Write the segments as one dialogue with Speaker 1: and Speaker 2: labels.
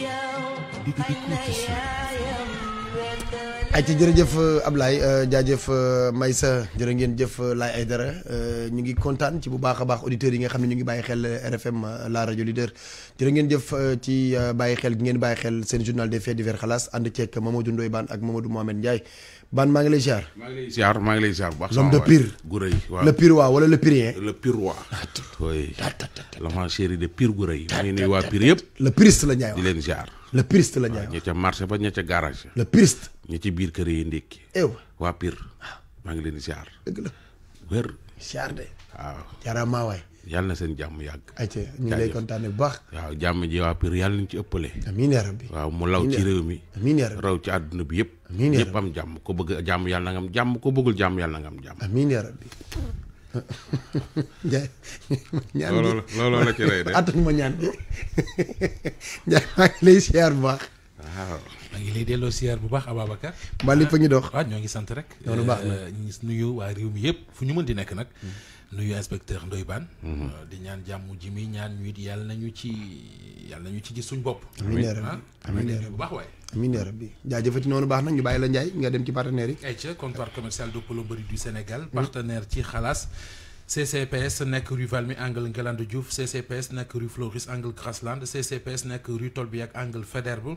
Speaker 1: yêu anh này ai yêu ay ci jërëjëf euh, ablay euh, jaajëf euh, Maysa jërë ngeen jëf ay dara ñu ngi contane ci bu baaxa baax auditeur yi nga xamni ñu ngi bàyyi xel RFM la radio leader jërë ngeen jëf ci bàyyi xel gi ngeen bàyyi xel seen journal des faits divers khalas and ci ak Mamadou ndoy ban ak Mamadou Mohamed ndjay ban ma ngi lay ziar. ma
Speaker 2: ngi lay ziar ma ngi lay ziar bu baax. l'homme de Pire Gouray waaw le Pire
Speaker 1: waa wala le Pirien. le
Speaker 2: Pire waa. Ah, oui l'enfant chérie de Pire Gouray. maa ngi nuyu waa Pire yëpp. le Piriste la ñay wax di len ziar. le puriste la jaay ña ca marché ba ña ca garage. le puriste. ña ci biir kër yi ndékki. ew waa piir maa ngi leen di siyaar. dëgg la wér.
Speaker 1: de. waaw waay.
Speaker 2: yàlla na seen jàmm yàgg. ayca ñu ngi lay kontaane bu baax. waaw jàmm ji waa Pire yàlla nañu ci ëppale. amiin yaa waaw mu law ci réew mi. amiin raw ci àdduna bi yëpp. amiin yaa am jàmm ko bëgg jàmm yàlla na nga jàmm ko bëggul jàmm yàlla nangam jàmm.
Speaker 1: amiin Ndiaye. ñaan
Speaker 2: looloo looloo la ki rey de attan
Speaker 1: ma ñaan Ndiaye maa ngi lay siyaar bu baax.
Speaker 2: waaw
Speaker 3: maa ngi lay delloo siyaar bu baax Ababacar. mbaa lépp a ngi dox ah, waaw ñoo ngi sant rek. loolu baax na euh, ñu nuyu waa réew mi yëpp fu ñu mën di nekk nag. Mm. nuyu inspecteur Ndoye Bane mhm. euh, di ñaan jàmm ji muy ñaan ñu it yàlla nañu ci yàlla nañu ci gis suñ bopp. amiin ah, amiin bu baax waaye. amiin yaa rabbi
Speaker 1: jaajëfati noonu baax na ñu bàyyi la Ndiaye nga dem ci
Speaker 3: partenaires yi. ayca eh, comptoir commercial de plomberie du Sénégal. Mhm. partenaire ci xalaas. CCPS nekk rue Valmy angle Ngalandou Diouf CCPS nekk rue Floris angle Grasland CCPS nekk rue Tolbiac angle Faidherbe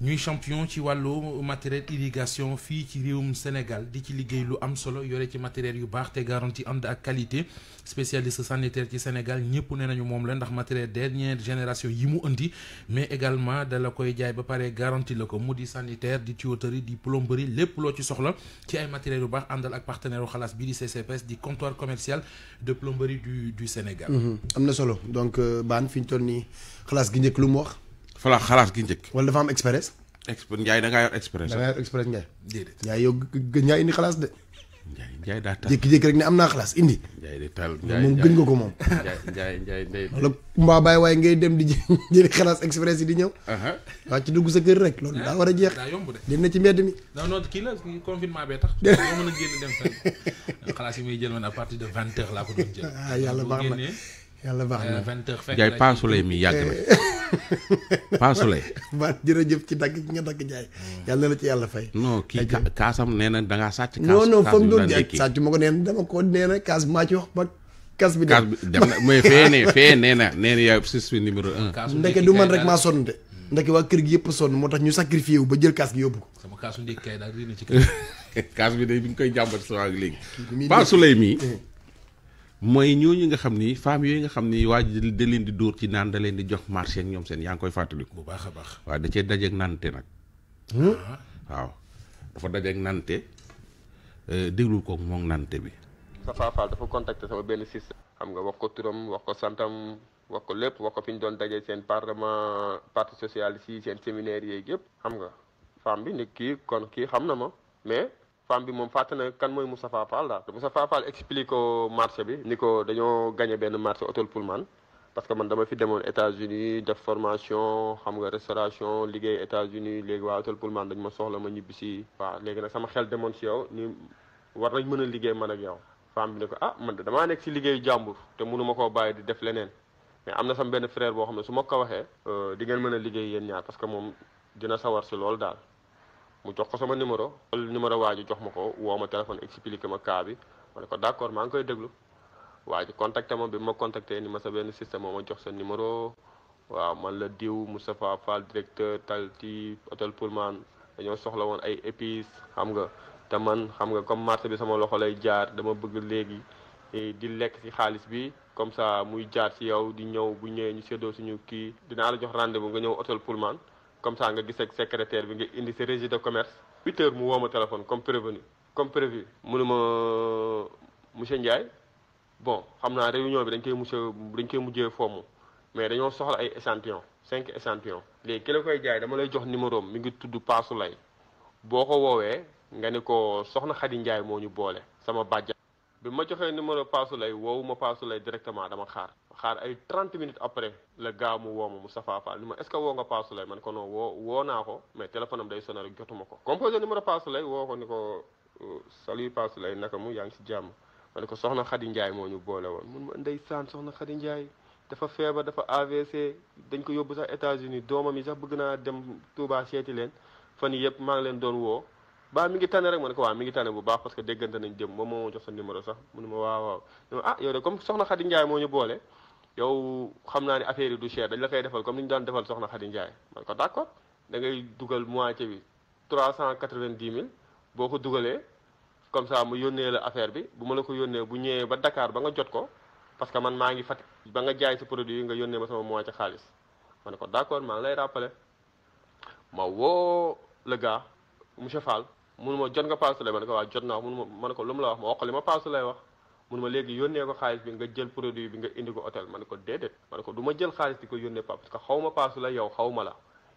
Speaker 3: ñuy champion ci wàllu matériel irrigation fi ci réewum Sénégal di ci liggéey lu am solo yoré ci matériel yu bax té garantie ànd ak qualité spécialiste sanitaire ci Sénégal ñepp nénañu mom la ndax matériel dernière génération yi mu indi mais également dala koy jaay ba paré garantie lako ko di sanitaire di tuyauterie di plomberie lépp lo ci soxla ci ay matériel yu bax andal ak partenaire xalas bi di CCPS di comptoir commercial de plomberie du du Sénégal. Mmh.
Speaker 1: amna solo donc euh, ban fiñ ñu xalas gi njëkk lu mu
Speaker 2: fala xalaas ki njëkk.
Speaker 1: wala dafa am express.
Speaker 2: express Ndiaye da ngaa yor express. da ah? ngaa yor express Ndiaye. déedéet
Speaker 1: Ndiaye yow Ndiaye indi xalaas de.
Speaker 2: Ndiaye Ndiaye daa taal
Speaker 1: rek ne am naa xalaas indi.
Speaker 2: Ndiaye de taal moom gën nga ko moom. Ndiaye Ndiaye Ndiaye. wala
Speaker 1: mbaa bàyyi waaye ngay dem di jëli xalaas express yi di ñëw. waa ci dugg sa kër rek loolu daa war a jeex. daa yomb de dem na ci mbedd mi.
Speaker 3: non non kii la confinement bee tax. dëgg mën a génn dem fenn xalaas yi may jël man à partir de laa ko doon jël. ah baax na yàlla baax na euh, vingt heures fekk jaay paasuley mi
Speaker 1: ci dagg ci nga dagg jaay hmm. yàlla na la ci yàlla fay
Speaker 2: non kii kaasam nee na dangaa sàcc kaas non non fam doon jaay
Speaker 1: sàcc ma ko nee na dama ko nee na kaas maa ci wax ba kaas bi kaas bi dem na
Speaker 2: ne na nee na yaay sis numéro un ndeke du
Speaker 1: man rek maa sonn de hmm. ndeke waa kër gi yëpp sonn moo tax ñu sacrifié wu ba jël kaas gi yóbbu ko
Speaker 3: sama kaasu ndékkaay daal
Speaker 2: riina kaas bi de bi nga koy jàmbat sa léegi paasuley mii eh. mooy ñooñu nga xam ni femmes yooyu nga xam ni waa da leen di dóor ci naan da leen di jox marché ak ñoom seen yaa ngi koy fàttaliku. bu baax a baax waaw da cee dajeeg nante nag. Hmm? Ah. waaw dafa dajeeg nante eh, déglu ko moom nante bi.
Speaker 4: Safa Fall dafa contacter sama benn système. xam nga wax ko turam wax ko santam wax ko lépp wax ko fi ñu doon dajee seen parlement parti socialiste yi seen séminaire yeeg yëpp. xam nga femme bi ni kii kon kii xam na ma mais. femme bi moom fàtte na kan mooy Moustapha Fall daal Moustapha Fall explique ko marché bi ni ko dañoo gagné benn marché hôtel Pullman parce que man dama fi demoon États-Unis def formation xam nga restauration liggéey États-Unis léegi waa hôtel Pullman dañ ma soxla ma ñibbisi si léegi nag sama xel demoon si yow ni war nañ mën a liggéey man ak yow femme bi ne ko ah man de damaa nekk si liggéey jàmbur te mënuma koo bàyyi di def leneen mais am na sama benn frère boo xam ne su ma ko waxee euh, di ngeen mën a liggéey yéen ñaar parce que moom dina sawar si loolu daal mu jox ko sama numéro xool numéro waa jox ma ko woo ma téléphone expliquer ma cas bi ma ne ko d' accord maa ngi koy déglu waa contacté ma bi ma contacté ni ma sa benn système moo ma jox sa numéro waaw man la diw Moustapha Fall directeur Talti hôtel Pullman dañoo soxla woon ay épices xam nga te man xam nga comme marché bi sama loxo lay jaar dama bëgg léegi eh, di lekk ci xaalis bi comme ça muy jaar ci yow di ñëw bu ñëwee ñu séddoo suñu kii dinaa la jox rendez-vous nga ñëw hôtel Pullman comme ça nga gisee ak secrétaire bi nga indi sa registre de commerce huit heures mu woo ma téléphone comme prévenu comme prévu mënu ma monsieur Ndiaye bon xam naa réunion bi dañ koy mujj dañ koy mujjee foomu mais dañoo soxla ay échantillon cinq échantillon léegi ki la koy jaay dama lay jox numéro mi ngi tudd Paasulay boo ko woowee nga ne ko soxna Xadi Ndiaye moo ñu boole sama bàjja bi ma joxee numéro paasu lay woowu ma paasu lay directement dama xaar xaar ay 30 minutes après la gaaw mu woo ma Moustapha Fall ni ma est ce que woo nga paasu lay man ko non woo woo naa ko mais téléphone am day sonné rek jotuma ko. composé numéro paasu lay woo ko ni ko euh, salut paasu lay naka mu yaa ngi si jàmm ma ne ko soxna Xadi Njaay moo ñu boole woon mun ma ndeysaan soxna Xadi Njaay dafa feebar dafa AVC dañ ko yóbbu sax États-Unis doomam yi sax bëgg naa dem Touba seeti leen fan yëpp maa ngi leen doon woo. baa mi ngi tane rek ma ne ko waaw mi ngi tane bu baax parce que déggante nañ jëm moom moo jox sa numéro sax mu ne ma waaw waaw ne ah yow de comme soxna Xadi Njaay moo ñu boole yow xam naa ne affaire yi du cher dañ la koy defal comme ni ñu daan defal soxna Xadi Njaay ma ne ko d'accord da ngay dugal moitié bi trois cent quatre-vingt-dix mille boo ko dugalee comme sax mu yónnee la affaire bi bu ma la ko yónnee bu ñëwee ba dakaar ba nga jot ko parce que man maa ngi Fatick ba nga jaay sa produit yi nga yónnee ma sama xaalis ma ne ko d'accord maa ngi lay rappeler ma woo monsieur Fall mun ma jot nga paas lay ma ne ko waa jot naa wax ma ma léegi yónnee xaalis bi nga jël bi nga indi ko hôtel ma ne ko ne ko du xaalis di que xaw ma paasu la yow xaw ma la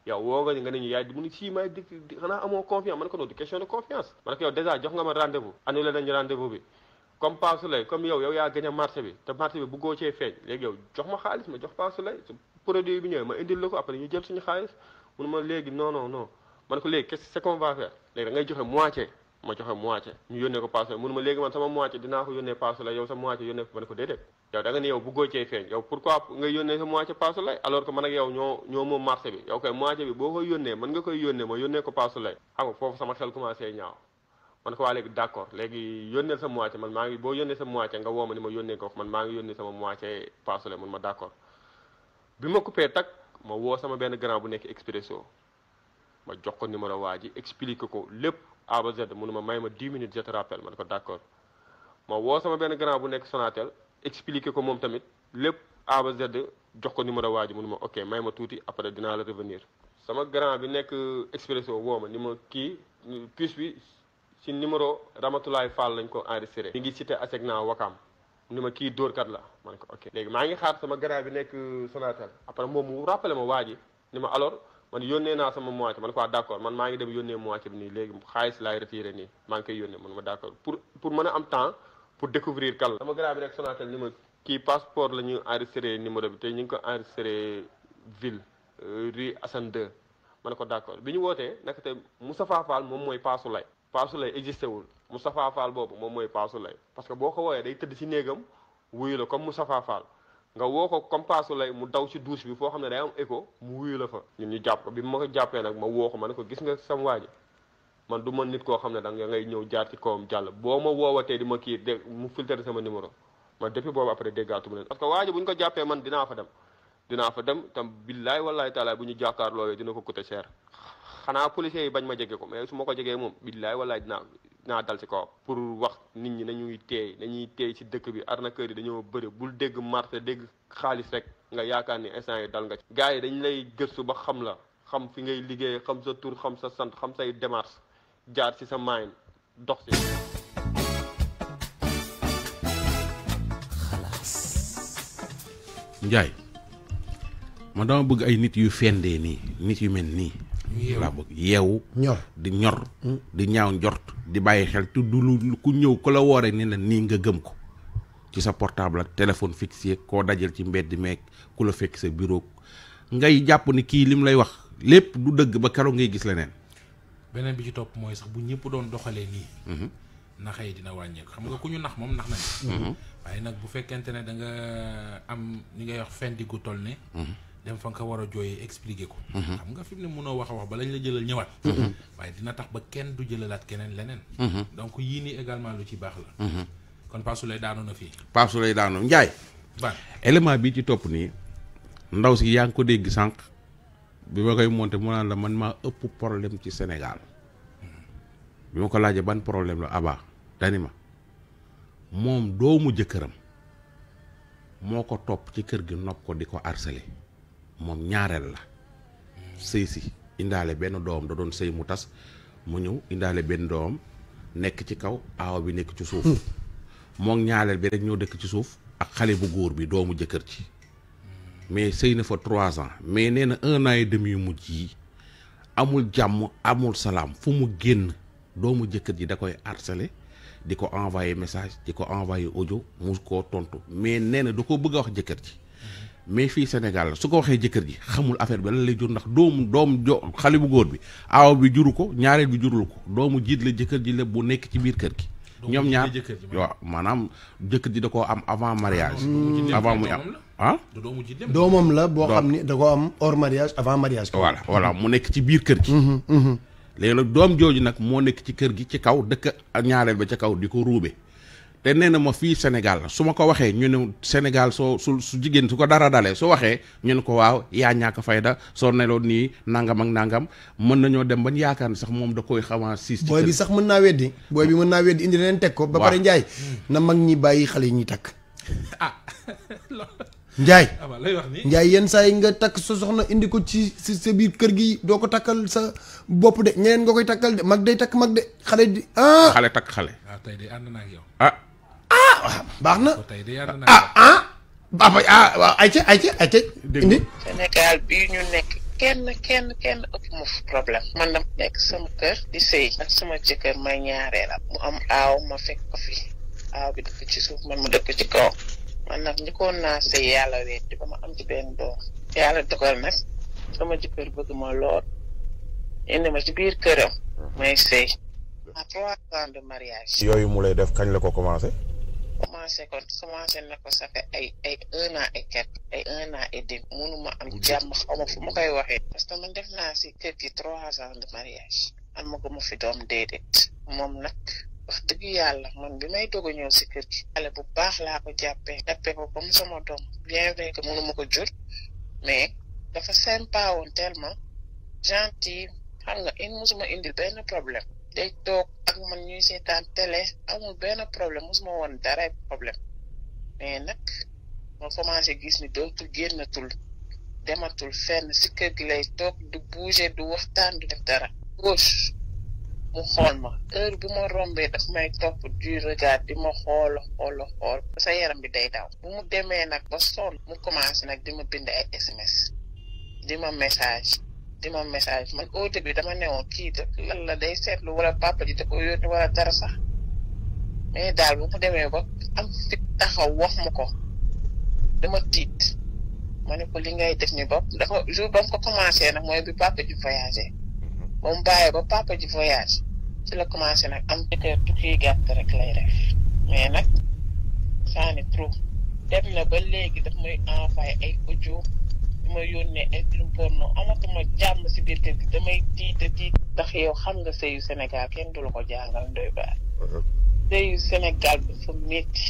Speaker 4: yow woo nga nga ne ñu yaay di mu ni sii maay di xanaa amoo confiance ma ne ko non du question de confiance ma ne ko yow dèjà jox nga bi comme paasu lay comme yow yow yaa gën a marché bi léegi yow ma xaalis ma jox paasu man ko léegi qu'est-ce qu'on va faire léegi da ngay joxe moitié ma joxe moitié ñu yónnee ko paase mënu ma léegi ko yónnee paase la yow ko man ko déedéet yow da nga ne bi ma yónnee ko maa ngi boo yónnee sa moitié ma ni ma yónnee ko man maa ngi yónnee sama moitié paase lay man ma woo sama benn grand bu nekk expresso ma jox ko numéro waa ji expliqué ko lépp A ba Z mënu ma may ma 10 minutes je te rappelle ma ko d' accord ma woo sama benn grand bu nekk Sonatel expliqué ko moom tamit lépp A ba Z jox ko numéro waa ji mënu ma ok may ma tuuti après dinaa la revenir. sama grand bi nekk Expresso woo ma ni ma kii puce bi si numéro Ramatoulaye Fall lañ ko enregistré. mi ngi cité Asegna Wakam. ni ma kii dóorkat la ma ko ok. léegi maa ngi xaar sama grand bi nekk Sonatel après ma waa ji man yónnee naa sama moitié man quoi ah, d'accord man maa ngi dem yónnee moitié bi nii léegi xaalis laay retiré nii maa ngi koy yónnee man ma d'accord pour pour mën a am temps pour découvrir kan la sama grand bi rek Sonatel ni ma kii passeport la ñu enregistré numéro bi te ñu ngi ko enregistré ville euh, rue Assane 2 ma ne ko d'accord bi ñu wootee naka te Moustapha Fall moom mooy paasu lay paasu lay existé wul sa Fall boobu moom mooy paasu lay parce que boo ko wooyee day tëdd si néegam wuyu la comme Moustapha Fall nga woo ko comme paasu lay mu daw ci douche bi foo xam ne day am écho mu wuyu la fa ñun ñu jàpp ko bi ma ko jàppee nag ma woo ko ma ne ko gis nga sam waa man du ma nit koo xam ne da nga ngay ñëw jaar ci kawam jàll boo ma woowatee di ma kii dé mu filtre sama numéro man depuis boobu après déggaatuma leen parce que waa bu ñu ko jàppee man dinaa fa dem dinaa fa dem tam billaay wallaay taalaay bu ñu jàkkaarloo dina ko coûter cher xanaa policiers yi bañ ma jege ko mais su ma ko jegee moom billaay wallaay dinaa naa dal ci pour wax nit ñi nañuy teey nañuy teey ci dëkk bi arnaqueur yi dañoo bëri bul dégg marché dégg xaalis rek nga yaakaar ni instant yi dal nga ci. yi dañ lay gëstu ba xam la xam fi ngay liggéey xam sa tur xam sa sant xam say démarche jaar ci sa maayin dox ci.
Speaker 2: xalaas. Ndiaye dama bëgg ay nit yu fende nii nit yu mel nii. laa bëgg yeewu. ñor di ñor. Mm. di ñaaw njort. di bàyyi xel te du lu ku ñëw ku la woore ni la nii nga gëm ko ci sa portable ak téléphone fixe koo dajal ci mbedd meeg ku la fekk sa bureau ngay jàpp ni kii lim lay wax lépp du dëgg ba keroog ngay gis leneen.
Speaker 3: beneen bi ci topp mooy sax bu ñëpp doon doxalee nii. Mhm. naxa yi dina wàññeeku xam nga ku ñu nax moom nax nañ. Mhm. waaye nag bu fekkente ne da nga am li ngay wax fendi gu toll ne. Mhm. dem fa nga wara war expliquer ko. Mhm. xam nga fi mëno wax wax ba lañ la jëlal ñëwaat. Mhm. waye dina tax ba kenn du jëlalaat keneen leneen. Mhm. donc yi ni également lu ci bax la. kon Pape Souleye daanu na fi
Speaker 2: Pape Souleye daanu njaay ba élément bi ci top ni ndaw si yaa ko dégg sank bi ma koy monté mo la man ma ëpp problème ci Sénégal bi ma ko laajee ban problème la Aba dani ma mom doomu jëkëram moko top ci kër gi nopp ko diko harceler. moom ñaareel la sëy si indaale benn doom da doon sëy mu tas mu ñëw indaale benn doom nekk ci kaw aawa bi nekk ci suuf moom ñaareel bi rek ñoo dëkk ci suuf ak xale bu góor bi doomu jëkkër ci mais sëy na fa trois ans mais nee na un an et demi mujj yi amul jàmm amul salaam fu mu génn doomu jëkkër ji da koy harcelé di ko envoyé message di ko envoyé audio mu koo tontu mais nee na da ko bëgg a wax jëkkër ji mais fii Sénégal su ko waxee jëkkër ji xamul affaire bi la lay jur ndax doomu doom jo xale bu góor bi aaw bi juru ko ñaareel bi jurul ko doomu jiit la jëkkër ji la bu nekk ci biir kër gi ñoom ñaar waaw maanaam jëkkër ji koo am avant mariage avant muy am ah doomam la boo xam
Speaker 1: ni da koo am hors mariage
Speaker 2: avant mariage voilà voilà mu nekk ci biir kër gi mm-hmm, mm-hmm. léegi nag doom jooju nag moo nekk ci kër gi ci kaw dëkk ñaareel ba ca kaw di ko ruube té néna na ma fii Sénégal suma ko waxé ñu ne Sénégal so su jigen su ko dara dalé su waxé ñu ko waaw ya ñàkk fayda so nélo ni nangam ak nangam mën nañu dem ban yaakaar sax mom da koy xaw a boy bi
Speaker 1: sax mën na wéddi boy bi mën na wéddi indi leen tek ko ba pare njaay na mag ñi bayyi xalé ñi tak njaay ah, njaay nga tak sa soxna indi ko ci si biir kër gi do ko takal sa bop de ñeneen nga koy takal de mag day tak mag de xalé ah
Speaker 2: xalé tak xalé
Speaker 3: ah tay de and na ak yow ah
Speaker 1: ah baax na ah ah baax ah waaw indi Sénégal
Speaker 5: bii ñu nekk kenn kenn kenn ëpp mu problème man dama nekk sama kër di sëy ak sama jëkkër may ñaareelam mu am aaw ma fekk ko fi aaw bi dëkk ci suuf man mu dëkk ci kaw man nag njëkkoon naa sëy yàlla weddi ba ma am ci benn doom yàlla dogal nag sama jëkkër bëgg ma lool indi ma ci biir këram may sëy à trois ans de mariage
Speaker 2: yooyu mu lay def kañ la ko commencé
Speaker 5: commencé ko commencé na ko ça ay ay un an et quelque ay un an et demi am jàmm xaw ma fu ma koy waxee parce que man def naa si kër gi trois ans de mariage amaguma fi doom déedéet moom nag wax dëgg yàlla man bi may doog a ñëw si kër gi xale bu baax laa ko jàppee jàppee ko comme sama doom bien vrai que mënuma ko jur mais dafa sympa woon tellement gentil xam nga in musuma indi benn problème day toog ak man ñuy seetaan télé amul benn problème mosuma woon dara problème mais nag ma commencé gis ni dootul génnatul dematul fenn si kër gi lay toog du bouger du waxtaan du def dara. gauche mu xool ma heure bu ma rombee daf may topp du regard di ma xool xool xool ba sa yaram bi day daw. bu mu demee nag ba sonn mu commencé nag di ma bind ay SMS di ma message. di ma message man au début dama newoon kii de yàlla day seetlu wala papa ji da ko yónni wala dara sax mais daal bu mu demee ba am de taxaw wax ma ko dama tiit ma ne ko li ngay def ni bopp dafa jour ba mu ko commencé nag mooy bi papa ji voyagé mhm. ba mu bàyyee ba papa ji voyage ci la commencé nag am jëkkër tukki gàtt rek lay def mais nag saani trop dem na ba léegi daf muy envoyé ay audio ma yónnee ay film porno amatuma jàmm si biir kër gi damay tiita tiit ndax yow xam nga sëyu senegal kenn du la ko jàngal ndoy baar uh-huh. sëyu Sénégal dafa métti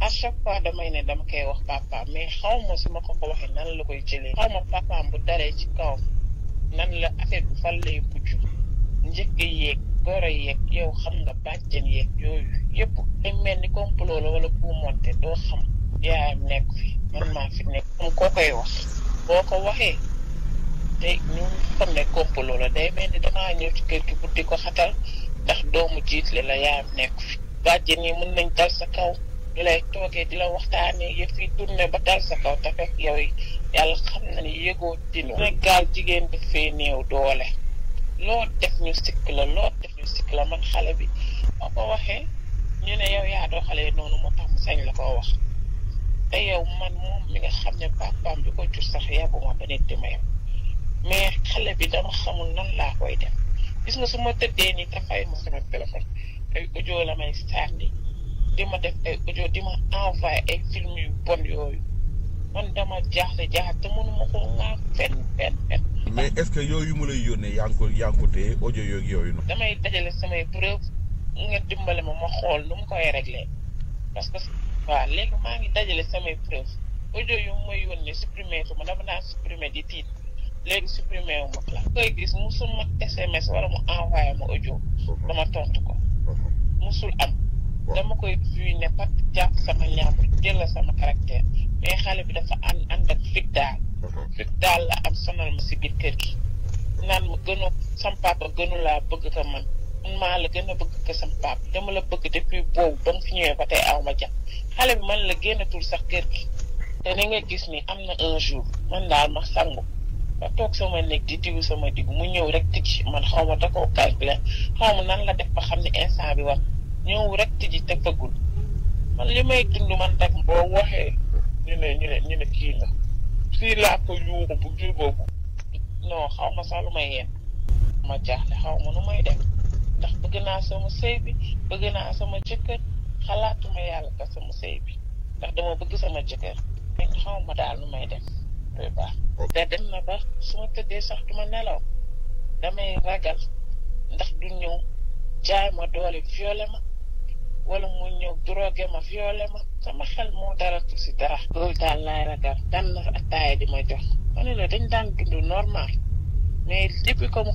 Speaker 5: à chaque fois damay ne dama koy wax papa mais xaw ma su ma ko ko waxee nan la koy jëlee xaw ma papaam bu daree ci kawam nan la affaire bu fan lay mujj njëkk yeeg goro yeeg yow xam nga bàjjen yeeg yooyu yëpp ay mel ni complot la wala pour monter doo xam yaayam nekk fi man maa fi nekk moom koo koy wax boo ko waxee day ñu xam ne complot la day mel ni damaa ñëw ci kër gi di ko xatal ndax doomu jiitle la yaayam nekk fi bàjjen yi mën nañ dal sa kaw ñu lay toogee di la waxtaanee yëf yi tourné ba dal sa kaw te fekk yow yi yàlla xam na ni yëgoo dina Sénégal jigéen daf fee néew doole loo def ñu sikk la loo def ñu sikk la man xale bi boo ko waxee ñu ne yow yaa doo noonu moo tax sañ la ko wax te yow man moom mi nga xam ne papaam bi ko jur sax yàgguma ba nit di ma yem mais xale bi dama xamul nan laa koy def gis nga su ma tëddee nii dafay ma sama téléphone ay audio la di ma def ay audio di ma envoyé ay film yu bon yooyu man dama jaaxle jaaxle te mënuma ko ŋaar fenn fenn
Speaker 2: mais est yooyu mu lay yónnee yaa ngi ko yaa ngi ko audio yooyu noonu.
Speaker 5: damay dajale samay preuve nga dimbale ma ma xool nu koy réglé parce waaw léegi maa ngi dajale samay preuve audio yu may yónnee supprimer ko ma dama naa supprimer di tiit léegi supprimer wu ma la koy gis musul ma SMS wala mu envoyé ma audio mhm. dama tontu ko mhm. musul am dama koy fii ne pat jàpp sama ñaambur jël la sama caractère mais xale bi dafa ànd ànd ak fit daal mhm. fit daal la am sonal ma si biir kër gi naan ma gënu sam papa gënu laa bëgg ko man man maa la gën a bëgg ko sam papa dama la bëgg depuis boobu ba fi ñëwee ba tey aw ma jàpp xale bi man la génnatul sax kër gi te ni nga gis ni am na un jour man daal ma sangu ba toog sama néeg di digu sama digu mu ñëw rek tijji man xaw ma da koo calculer la def ba xam ne instant bi wax ñëw rek tijji te fëggul man li may dund man rek boo bu jur xaw ma sax lu may ma jaaxle xaw ma nu may def ndax bëgg naa sama sëy bëgg naa sama jëkkër xalaatuma yàlla ka sama sëy ndax dama bëgg sama jëkkër mais xaw ma daal nu may def doy dem na ba su ma tëddee sax du ma nelaw damay ragal ndax du ñëw jaay ma doole violé wala mu ñëw drogué ma violé ma sama xel moo dara tu si dara loolu daal laay ragal daan na attaaya di ma jox ma ne la dañ daan dund normal mais depuis que mu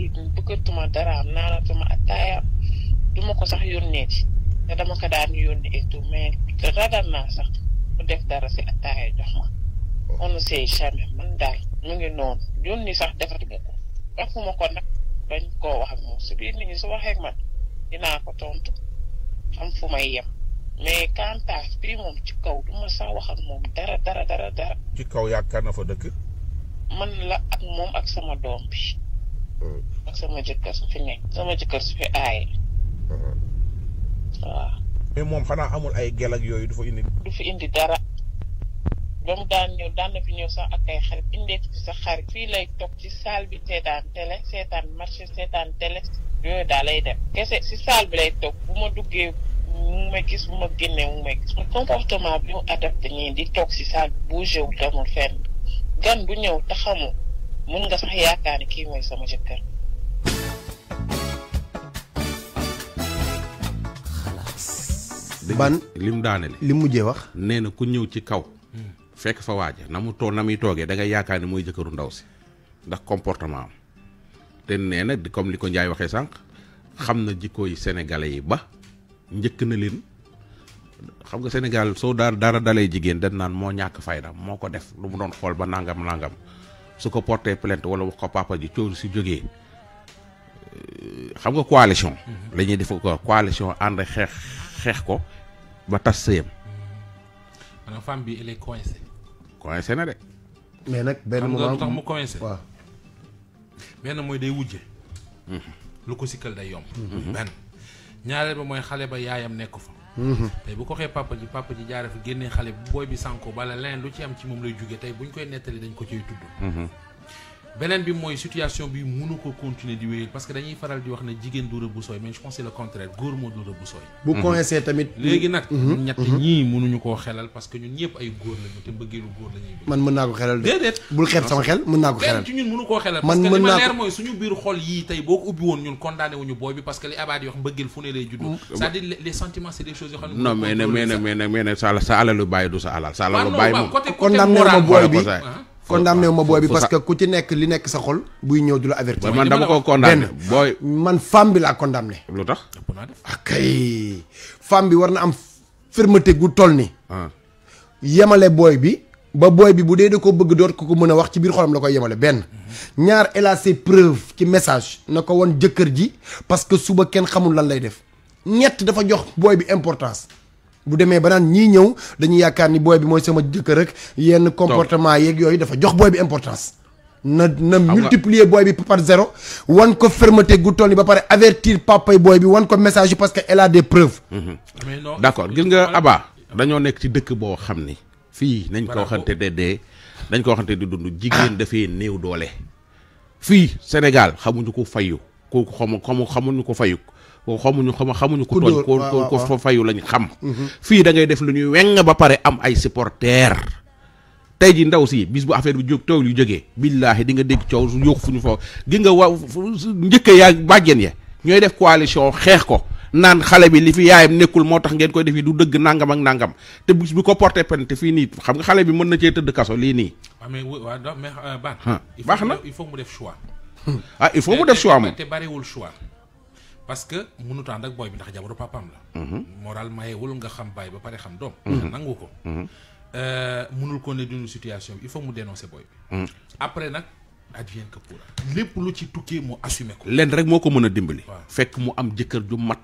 Speaker 5: yi bëggatuma dara am naanatuma attaaya duma ko sax yónnee ci dama ko daan yónni et tout mais ragal naa sax mu def dara si attaaya jox ma. on ne sait jamais man daal mu ngi noonu yónni sax defatuma ko ma ko nag dañ koo wax moom su biir nit ñi su waxee ak man dinaa ko tontu xam fu may yem mais kantaas bii moom ci kaw du ma sax wax ak moom dara dara dara
Speaker 2: ci kaw yaakaar na
Speaker 5: fa dëkk. man la ak moom ak sama doom bi. Hmm. ak sama jëkkër su fi nekk. sama jëkkër su fi aaye. Hmm.
Speaker 2: waaw. moom xanaa amul ay gel ak yooyu du fa indi.
Speaker 5: du fi indi dara. ba mu daan ñëw daan na fi ñëw sax ak ay xarit indeeti fi sa xarit. fii lay toog ci salle bi seetaan télé seetaan marché seetaan télé yooyu daal lay dem. kese si salle bi lay toog bu ma duggee mu may gis bu ma génnee mu may gis. comportement bi mu adapté ñii di toog si salle bi bougé wu fenn gan bu ñëw taxamu mun nga sax yaakaar ne kii
Speaker 4: mooy sama jëkkër.
Speaker 2: ban li mu daanele li mu mujjee wax nee na ku ñëw ci kaw fekk fa waaja na mu too na muy toogee da ngay yaakaar ne mooy jëkkëru ndaw si ndax comportement am te nee na comme li ko Njaay waxee sànq xam na jikko yi sénégalais yi ba njëkk na leen xam nga Sénégal soo daal dara dalee jigéen dañ naan moo ñàkk fayda moo ko def lu mu doon xool ba nangam nangam su ko porté plainte wala wax ko papa ji coow si jógee xam nga coalition. Mm-hmm. la ñuy def ko coalition ànd xeex xeex ko ba tas sëyam.
Speaker 3: maanaam femme bi elle est coincée. coincée na de. mais
Speaker 2: nag benn moment xam nga tax mu
Speaker 3: coincé. wa ben moy day wujje. lu ko sikkel day yom ben ñaareel ba moy xalé ba yaayam nekk fa. tay bu ko xé papa ji papa ji jaara fi génné xalé boy bi sanko bala lén lu ci am ci mom lay juggé tay buñ koy nettali dañ ko ciy
Speaker 2: tudd
Speaker 3: benen bi moy situation bi mënu ko continuer di wéyal parce que dañuy faral di wax né jigen du rëbb soy mais je pense c'est le contraire góor moo du rëbb sooy bu mhm. coincé tamit mm-hmm. légui nak mhm. ñun ñi mhm. ñii ñu ko xelal parce que ñun ñepp ay góor lañu té mbëggeelu góor la ñuy
Speaker 1: man mën naa ko xelal dédét bul xeeb sama xel mën naa ko xelal ci ñun mënu ko xelal parce que li ma leer
Speaker 3: moy suñu biir xol yi tay boko ko ubbi woon ñun condamné wuñu boy bi parce que li abaat wax mbëggeel fune lay juddoo mm. c'est-à-dire les sentiments c'est des choses yo xam non mais mais ne
Speaker 2: mais ne mais ne sa sa alalu bàyyi du sa alal sa alalu bàyyi moom condamné ma boy bi
Speaker 1: condamné ma booy bi parce que ku ci nekk li nekk sa xol buy ñëw du la avertir man dama ko condamné booy man femme bi laa
Speaker 2: condamné lu akay
Speaker 1: ah, femme bi war am fermeté gu toll ni ah. yemale booy bi ba boy bi bu dee da ko bëgg doot ko ko mën a wax ci biir xolam la koy yemale benn mhm. ñaar elle a ses preuves ci message na ko won jëkkër ji parce que suba kenn xamul lan lay def ñett dafa jox boy bi importance bu demee ba naan ñii ñëw dañuy yaakaar ni boy bi moy sama jëkkër rek yenn comportement yeeg yoy dafa jox boy bi importance na na multiplier boy bi par zéro wan ko fermeté gu toll ni ba pare avertir papay boy bi wan ko message parce que elle a des
Speaker 2: preuves mhm. d'accord gis nga Abba dañoo nekk ci dëkk bo xamni fi nañ ko xanté de dee dañ ko xanté du dund jigéen dafay néew doolé fi Sénégal xamuñu ko fayu ko xamu xamu ko fayu xamuñu xam xamuñu ko tooñ ko ko ko fayu lañ xam mm-hmm. fii dangay def lu ñuy weng ba pare am ay supporter tey ji ndaw sii bis bu affaire bi jóg taw yu jógee billaahi di nga dégg coow su yóox fu nga wa njëkke yaa bàjjen ya ñooy def coalition xeex ko naan xale bi li fi yaayam nekkul moo tax ngeen koy def yi du dëgg nangam ak nangam te bis bi ko porté plainte fii nii xam nga xale bi mën na cee tëdd kaso lii nii.
Speaker 3: Ah, waaw mais waaw euh, baax na il faut mu def choix.
Speaker 2: ah il faut mu def choix moom te
Speaker 3: bariwul choix. parce que mënut ànd ak booy bi ndax jabaru papaam la. Mhm. moral mayewul nga xam baay ba pare xam doom. Mhm. nangu ko. Mhm. Euh, mënul ko ne dund situation bi il faut mu dénoncer booy bi. après nag advienne que lépp lu ci tukkee mu assume
Speaker 2: ko. lenn rek moo ko mën a dimbali. fekk mu am jëkkër ju mat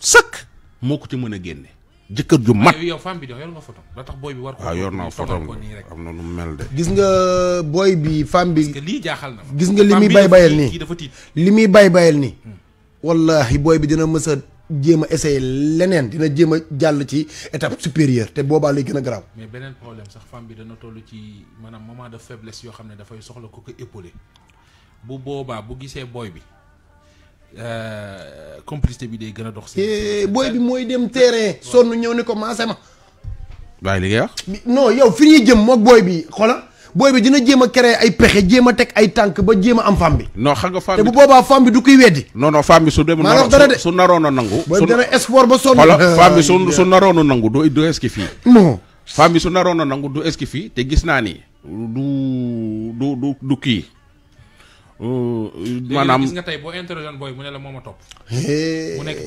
Speaker 2: sëkk moo ko ci mën a génne. jëkkër ju mat
Speaker 3: yow fam bi de yor nga photo da tax booy bi war ko waaw ah, yor naa photo am
Speaker 2: na nu
Speaker 1: euh, booy bi femme bi. parce que lii jaaxal na gis nga li muy bay bayal nii li muy bay bayal nii. Hmm. wallahi booy bi dina mës a jéem a essayer leneen dina jéem a jàll ci étape supérieure te boobaa lay gën a garaaw.
Speaker 3: mais beneen problème sax femme bi dana toll ci maanaam moment de faiblesse yoo xam ne dafay soxla ko ko épauler bu boobaa bu gisee booy bi. Euh, complicité bi day gën a dox si. Eh, booy bi mooy dem terrain sonn ñëw ne ko maase ma.
Speaker 2: waaye li ngay
Speaker 3: yow fi ñuy jëm
Speaker 1: moog booy bi xoolal booy bi dina jéem a créer ay pexe jéema teg ay tànk ba jéema am femme bi.
Speaker 2: non xam nga femme bi te bu boobaa femme bi du koy weddi. non non femme bi su dem. maa de naroon a nangu. booy bi dana
Speaker 1: espoir ba sonn. voilà femme su su
Speaker 2: naroon a nangu du eski fii. non femme bi su naroon a nangu du eski fii te gis naa ni du du du du kii. maanaam gis nga
Speaker 3: tey boo interrogeant booy mu la moo ma topp. mu nekk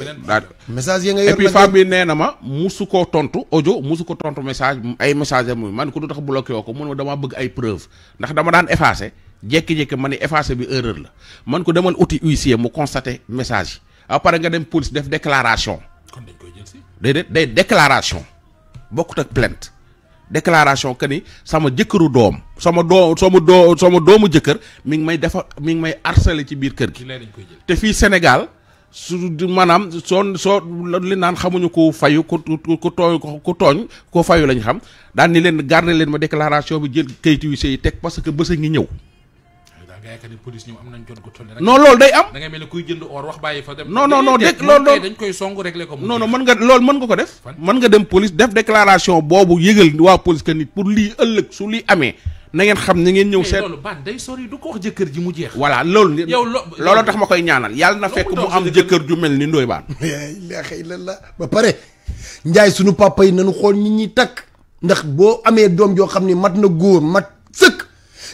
Speaker 2: message yi nga yor bi nee na ma musu koo tontu ojo musu ko tontu message ay message am man ko du tax bloqué woo ko mu ne ma damaa bëgg ay preuve ndax dama daan effacé jékki-jékki ma ni effacé bi erreur la man ko demal uti huissier mu constaté message yi après nga dem police def déclaration. kon dañ koy jël si. déedéet day déclaration bokkut ak plainte. déclaration que ni sama jëkkëru doom sama doo sama doo sama doomu jëkkër mi ngi may defa mi ngi may harcelé ci biir kër gi. te fii Sénégal su maanaam soo soo li naan xamuñu ko fayu ku ku tooy ku tooñ ko fayu lañ xam daan ni leen garder leen ma déclaration bi jël kayitu yu yi teg parce que bës a ngi ñëw. police loolu day am. da
Speaker 3: ngay loolu loolu mën
Speaker 2: nga loolu mën nga ko def. mën nga dem police def déclaration boobu yëgal waa police que nit pour lii ëllëg su lii amee. na ngeen xam na ngeen ñëw seet loolu
Speaker 3: ban day sori du ko wax
Speaker 2: jëkkër ji mu jeex. voilà loolu. yow tax ma koy ñaanal yàlla na fekk mu am jëkkër ju mel ni ndooy baan. leexee
Speaker 1: lan la ba pare njaay suñu papa yi nañu xool nit ñi takk ndax boo amee doom joo xam ne mat na góor mat sëkk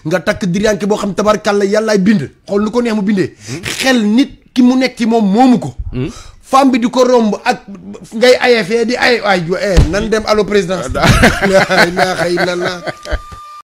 Speaker 1: nga takk diriyànke boo xam tabarkàlla yàllaay bind xool lu ko neex mu bindee xel nit ki mu nekk ci moom moomu ko hmm? femme bi di ko romb ak
Speaker 3: ngay aye fee di aye waay eh, nan dem allo présidence laa ilaaha illallaah